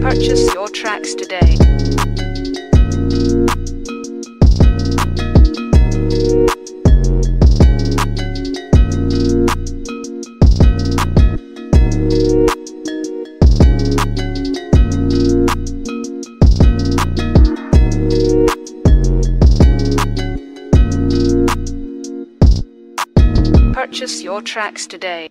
purchase your tracks today. Purchase your tracks today.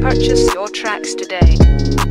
purchase your tracks today.